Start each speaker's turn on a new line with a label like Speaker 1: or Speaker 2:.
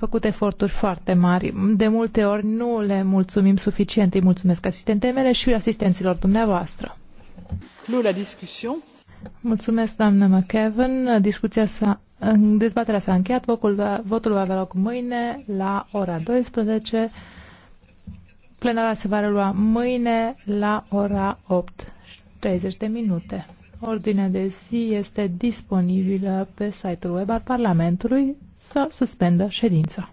Speaker 1: făcut eforturi foarte mari. De multe ori nu le mulțumim suficient. Îi mulțumesc asistentei mele și asistenților dumneavoastră. la Mulțumesc, doamnă McKevin. Discuția s-a, dezbaterea s-a încheiat. Votul va, votul va avea loc mâine la ora 12. Plenara se va relua mâine la ora 8. 30 de minute. Ordinea de zi este disponibilă pe site-ul web al Parlamentului. Să suspendă ședința.